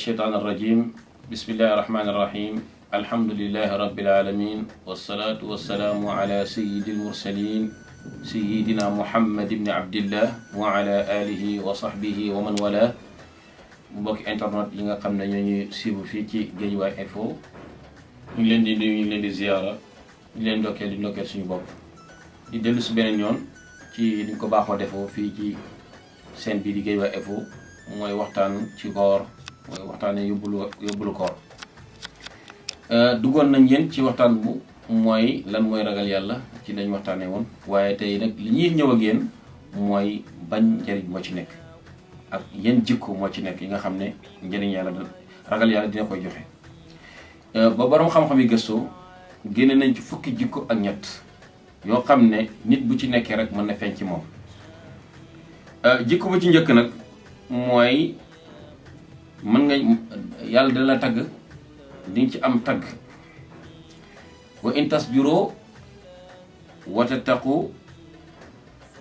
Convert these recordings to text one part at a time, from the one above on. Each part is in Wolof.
الشيطان الرجيم بسم الله الرحمن الرحيم الحمد لله رب العالمين والصلاة والسلام على سيد المرسلين سيدنا محمد بن عبد الله وعلى آله وصحبه ومن والاه مبوك انترنت لنغا قمنا نيوني سيبو فيكي جي واي افو نلين دي نيوني لين دي زيارة نلين دوكي لين دوكي سيني بوك دي دلس بينا نيون كي نكو باقو دفو فيكي سين بي دي جي واي افو موي وقتان تي غور mooy waxtaanee yóbbulu yóbbulu koor euh, duggoon nañ yéen ci waxtaan bu mooy lan mooy ragal yàlla ci lañ waxtaanee woon waaye tey nag li ñuy ñëw ak yéen mooy bañ njëriñ moo ci nekk ak yéen jikko moo ci nekk yi nga xam ne njëriñ yàlla da ragal yàlla dina koy joxe euh, ba borom xam-xam yi gëstoo génne nañ ci fukki jikko ak ñett yoo xam ne nit bu ci nekkee rek mën na feeñ ci moom euh, jikko bu ci njëkk nag mooy man nga yàlla dina la tagg di ci am tagg wa in tasbiroo wa tattaqu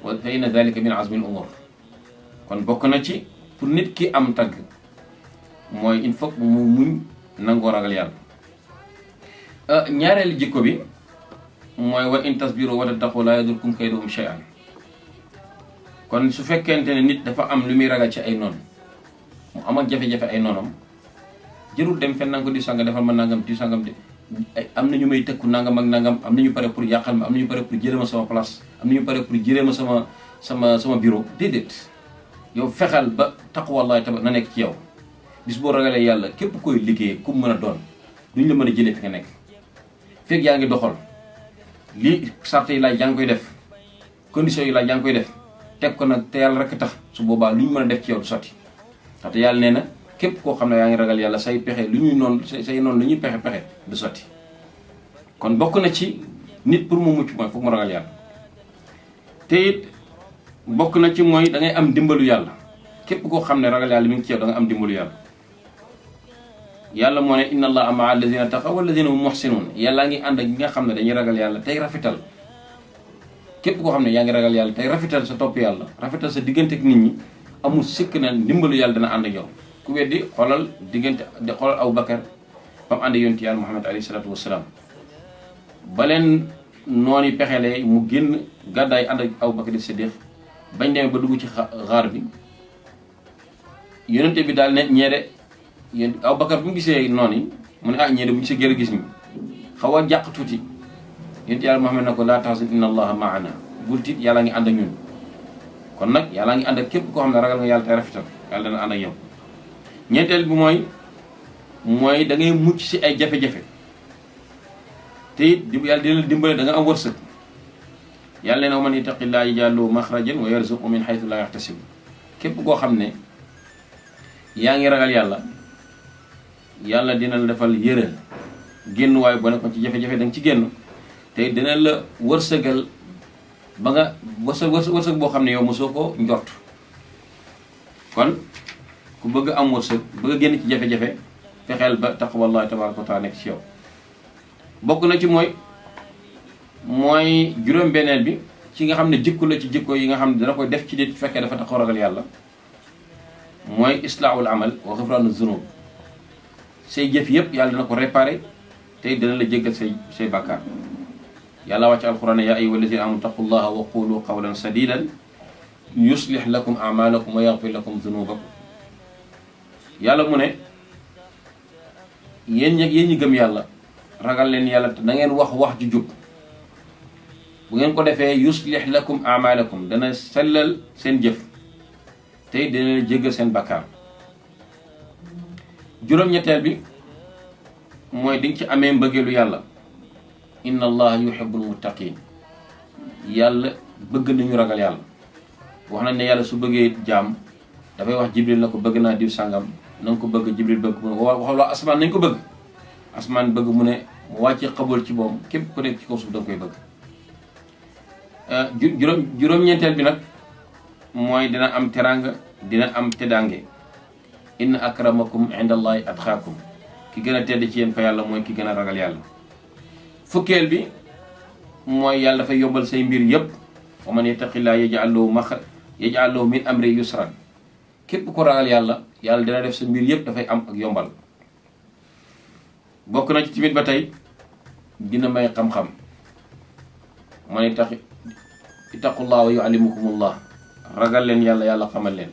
wa fa inna dalika min azmi l kon bokk na ci pour nit ki am tagg mooy il faut mu muñ nangoo ragal yàlla euh, ñaareelu jikko bi mooy wa in tasbiroo wa tattaqu laa yadurkum kayduhum shay'an kon su fekkente ne nit dafa am lu muy ragal ci ay noon mu am ak jafe-jafe ay noonam jërul dem fenn nanga ko di sangam defal ma nangam di sangam de am nañu may tëkku nangam ak nangam am nañu pare pour yàqal ma am nañu pare pour jëlee ma sama place am nañu pare pour jëlee ma sama sama sama bureau déedéet yow fexal ba taqwallahi tabax na nekk ci yow bis boo ragalee yàlla képp koy liggéey ku mën a doon duñ la mën a jëlee fi nga nekk fekk yaa ngi doxal lii koy def conditions yi laaj yang koy def teg ko nag te rek tax su boobaa def ci yow ndaxte yàlla nee na képp koo xam ne yaa ngi yàlla say pexe lu ñuy noonu say noonu lu ñuy pexe pexe du sotti kon bokk na ci nit pour mu mucc mooy foog mu ragal te it bokk na ci mooy da ngay am dimbalu yàlla képp koo xam ne ragal yàlla mi ngi ci yow da am dimbalu yàlla yàlla moo ne inna allaha maa alladina taqaw walladina hum muhsinuun yàlla ngi ànd ak ñi nga xam ne dañuy ragal yàlla tey rafetal képp koo xam ne yaa ngi ragal yàlla tey rafetal sa topp yàlla rafetal sa diggante ak nit ñi amul sikk na ndimbalu yàlla dana ànd ak yow ku weddi xoolal diggante di xoolal aw bakar ba mu ànd yonti yàlla muhammad alayhi salaatu wasalaam ba leen noonu pexelee mu génn gàddaay ànd ak aw bakar di siddiq bañ ba bi yonente bi daal ne ñeede aw bakar bu mu gisee noon yi mu ne ah ñeede bu ñu gisee gër gis ñu xaw jàq tuuti yonti yàlla muhammad na ko laa tahzan inna allaha maana bul tiit yàlla ngi ànd ak ñun kon nag yàlla ngi ànd ak képp koo xam ne ragal nga yàlla te rafetal yàlla dana ànd ak mooy mooy da ngay si ay jafe-jafe te it di yàlla dina la dimbale da am wërsëg yàlla nee na man ittaqillaa yaj'al lahu maxrajan wa yarzuqhu min haythu laa yahtasib képp koo xam ne yaa ngi ragal yàlla yàlla dina la defal yëral génn waaye boo nekkoon ci jafe-jafe da ci génn te dina la wërsëgal ba nga wërsëg wërsëg wërsëg boo xam ne yow mosoo ko njort kon ku bëgg am wërsëg bëgg a génn ci jafe-jafe fexeel ba taqwallahi tabaraka wa taala nekk ci yow bokk na ci mooy mooy juróom beneen bi ci nga xam ne jikko la ci jikko yi nga xam ne dana koy def ci nit fekkee dafa tax ragal yàlla mooy islaahul amal wa xifraanu zunub say jëf yëpp yàlla dana ko réparé te dana la jéggal say say bàkkaar يلا وجه القرآن يا أيها الذين آمنوا اتقوا الله وقولوا قولا سديدا يصلح لكم أعمالكم ويغفر لكم ذنوبكم يلا من ين ين يجمع يلا رجال لين يلا تنين وح وح جوب وين كده في يصلح لكم أعمالكم دنا سلل سن جف تي دنا جيجر سن بكار جرم يتابي moy ding ci amé mbeugelu yalla inna allaha yuhibbul muttaqin yàlla bëgg nañu ragal yàlla wax na ne yàlla su bëggee jaam dafay wax jibril la ko bëgg naa diw sàngam na ko bëgg jibril bëgg mu ne waxaloo asmaan nañ ko bëgg asmaan bëgg mu ne mu wàcce xabal ci moom képp ku nekk ci kaw suuf da koy bëgg euh, juróom juróom-ñeenteel bi nag mooy dina am terang dina am teddaange inna akramakum inda allahi atqaakum ki gën a tedd ci yéen fa yàlla mooy ki gën a ragal yàlla fukkeel bi mooy yàlla dafay yombal say mbir yëpp wa man yattaqillaa yaj'al lahu maxrajan yaj'al lahu min amri yusran képp ko ragal yàlla yàlla dina def sa mbir yëpp dafay am ak yombal bokk na ci tamit ba tey dina may xam-xam man ittaqi ittaqullaa wa yu'allimukumullah ragal leen yàlla yàlla xamal leen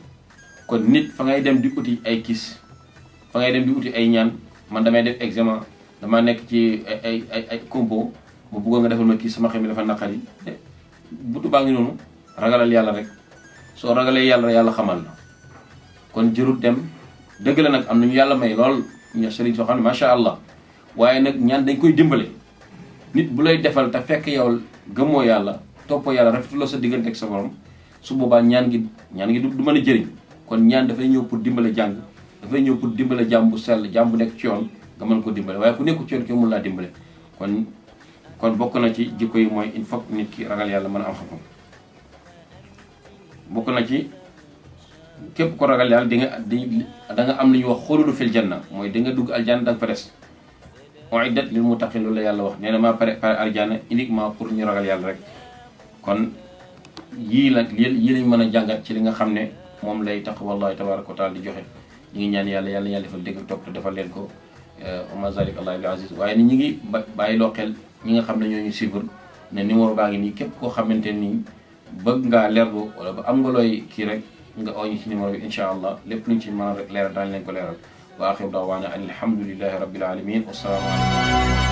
kon nit fa ngay dem di uti ay kiis fa ngay dem di uti ay ñaan man damay def examen dama nekk ci ay ay ay combo bu bëggoon nga defal ma kii sama xel mi dafa naqari eh, butu baa ngi noonu ragalal yàlla rek soo ragalee yàlla yàlla xamal kon jërut dem dëgg la nag am nañu yàlla may lool ña sëriñ xam allah waaye nag ñaan dañ koy dimbale nit bu lay defal te fekk yow gëmmoo yàlla toppoo yàlla rafetuloo sa diggante ak sa borom su boobaa ñaan gi ñaan gi du mën jëriñ kon ñaan dafay ñëw pour dimbale jàng dafay ñëw pour dimbale jàmm ci yoon nga ko dimbale waaye ku nekku ci yoon kenn mën laa dimbale kon kon bokk na ci jikko yi mooy il faut nit ki ragal yàlla mën am xam-xam bokk na ci képp ko ragal yàlla di nga da nga am lu ñuy wax xóolulu fil janna mooy di nga dugg aljanna da nga fa des uiddat lil muttaqin loolu la wax nee uniquement pour ñu ragal rek kon yii la yii lañ mën a jàngat ci li nga xam ne lay tax wallahi tabaraka taala di joxe ñu ngi ñaan yàlla yàlla yàlla defal dégg topp defal ko oma zalik allah waaye ni ñu ngi bàyyi loo xel ñi nga xam ne ñoo ñu suivre ne numéro baa ngi nii képp koo xamante ni bëgg ngaa leerlu wala ba am nga kii rek nga oo ñu ci numéro bi incha allah lépp luñ ci mën a leer leeral daañu leen ko leeral wa axiru daawaana an alhamdulillahi rabbil alamin wasalaamu aleykum